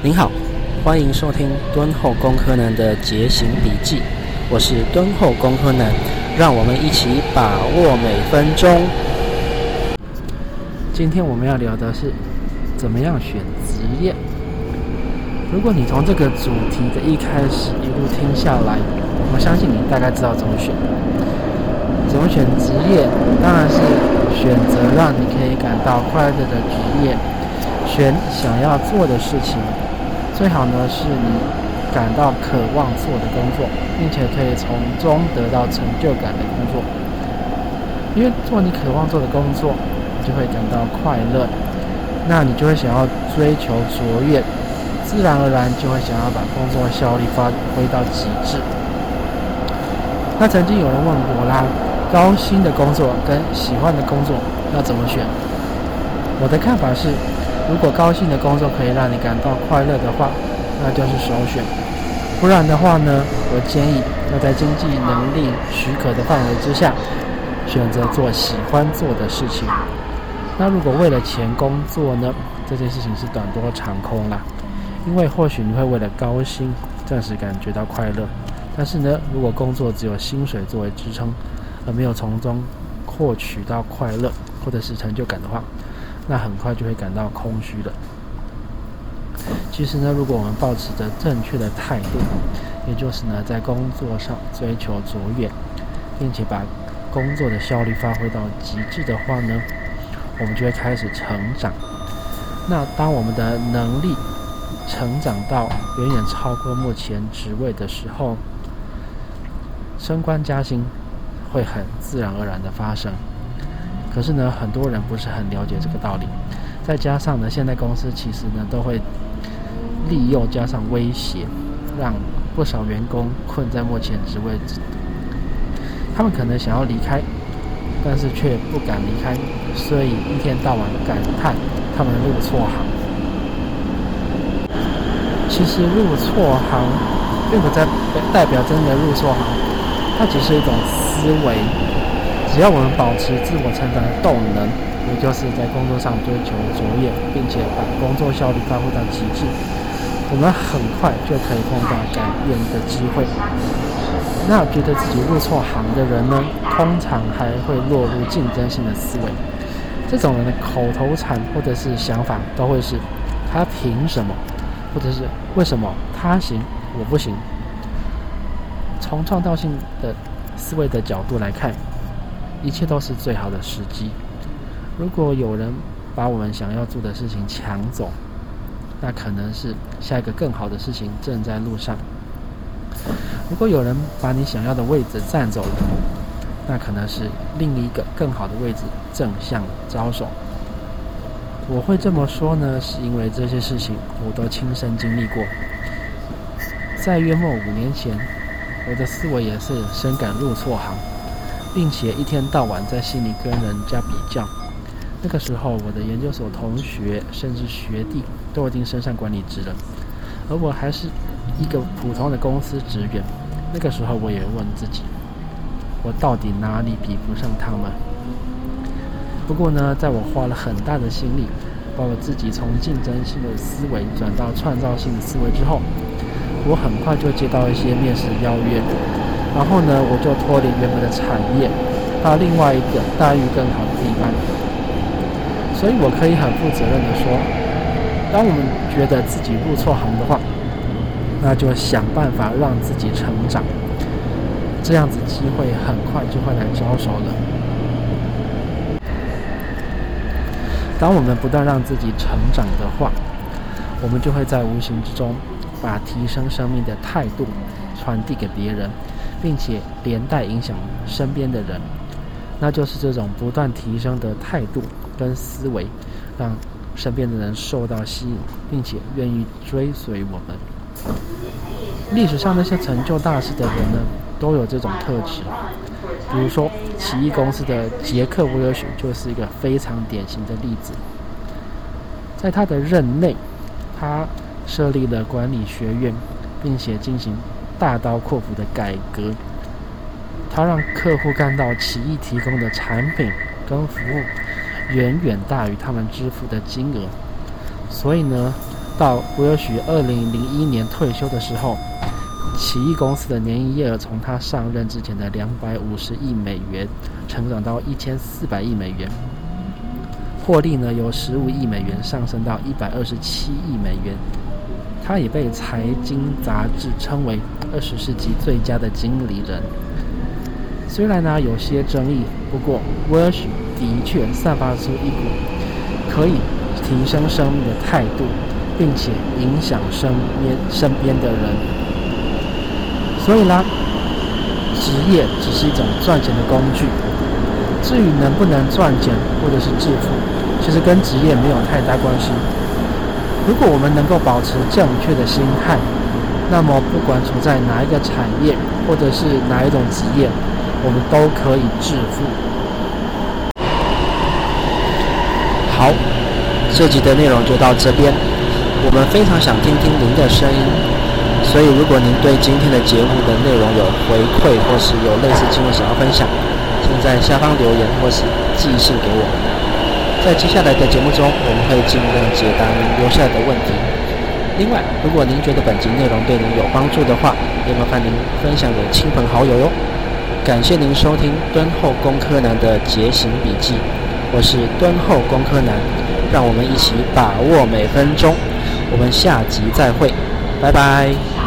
您好，歡迎收聽敦厚工科男的節行筆記，我是敦厚工科男，讓我們一起把握每分鐘。今天我們要聊的是怎麼樣選職業。如果你從這個主題的一開始一路聽下來，我相信你大概知道怎麼選。怎麼選職業，當然是選擇讓你可以感到快樂的職業。選想要做的事情，最好呢是你感到渴望做的工作，並且可以從中得到成就感的工作。因為做你渴望做的工作，你就會感到快樂，那你就會想要追求卓越，自然而然就會想要把工作效率發揮到極致。那曾經有人問我啦，高薪的工作跟喜歡的工作要怎麼選？我的看法是。如果高薪的工作可以讓你感到快樂的話，那就是首選。不然的話呢，我建議要在經濟能力許可的範圍之下，選擇做喜歡做的事情。那如果為了錢工作呢，這件事情是短多長空啦，因為或許你會為了高薪暫時感覺到快樂，但是呢，如果工作只有薪水作為支撐，而沒有從中獲取到快樂或者是成就感的話，那很快就會感到空虛的。其實呢，如果我們保持着正確的態度，也就是呢，在工作上追求卓越，並且把工作的效率發揮到極致的話呢，我們就會開始成長。那當我們的能力成長到遠遠超過目前職位的時候，升官加薪會很自然而然的發生。可是呢，很多人不是很了解這個道理，再加上呢，現在公司其實呢都會利誘加上威脅，讓不少員工困在目前職位置，他們可能想要離開，但是卻不敢離開，所以一天到晚感嘆他們入錯行。其實入錯行，并不在代表真的入錯行，它只是一種思維。只要我們保持自我成長的動能，也就是在工作上追求卓越，並且把工作效率發揮到極致，我們很快就可以碰到改變的機會。那覺得自己入錯行的人呢，通常還會落入競爭性的思維。這種人的口頭禪或者是想法都會是“他憑什麼”或者是“為什麼他行我不行”。從創造性的思維的角度來看。一切都是最好的時機。如果有人把我們想要做的事情搶走，那可能是下一個更好的事情正在路上。如果有人把你想要的位置佔走了，那可能是另一個更好的位置正向招手。我會這麼說呢，是因為這些事情我都親身經歷過。在約莫五年前，我的思維也是深感入錯行。並且一天到晚在心裡跟人家比較。那個時候，我的研究所同學甚至學弟都已經升上管理職了，而我還是一個普通的公司職員。那個時候，我也問自己，我到底哪裡比不上他們？不過呢，在我花了很大的心力，把我自己從競爭性的思維轉到創造性的思維之後，我很快就接到一些面試邀約。然後呢，我就脫離原本的產業，到另外一個待遇更好的地方。所以我可以很負責任地說，當我們覺得自己入錯行的話，那就想辦法讓自己成長。這樣子機會很快就會來招手了。當我們不斷讓自己成長的話，我們就會在無形之中把提升生命的態度傳遞給別人。並且連帶影響身邊的人，那就是這種不斷提升的態度跟思維，讓身邊的人受到吸引，並且願意追隨我們。歷史上那些成就大事的人呢，都有這種特質。比如說，奇異公司的傑克·威爾遜，就是一個非常典型的例子。在他的任內，他設立了管理學院，並且進行。大刀闊斧的改革，他讓客戶看到奇異提供的產品跟服務遠遠大於他們支付的金額。所以呢，到威爾許二零零一年退休的時候，奇異公司的年營業額從他上任之前的兩百五十億美元成長到一千四百億美元，獲利呢由十五億美元上升到一百二十七億美元。他也被財經雜誌稱為二十世紀最佳的經理人。雖然呢，有些爭議，不過威爾許的確散發出一股可以提升生命的態度，並且影響身邊身邊的人。所以呢，職業只是一種賺錢的工具。至於能不能賺錢或者是致富，其實跟職業沒有太大關係。如果我們能夠保持正確的心態，那麼不管處在哪一個產業，或者是哪一種職業，我們都可以致富。好，這集的內容就到這邊。我們非常想聽聽您的聲音，所以如果您對今天的節目的內容有回饋，或是有類似經歷想要分享，請在下方留言或是寄信給我。在接下來的節目中，我們會儘量解答您留下來的問題。另外，如果您覺得本集內容對您有幫助的話，也麻煩您分享給親朋好友喲。感謝您收聽《敦厚工科男的節行筆記》，我是敦厚工科男，讓我們一起把握每分鐘。我們下集再會，拜拜。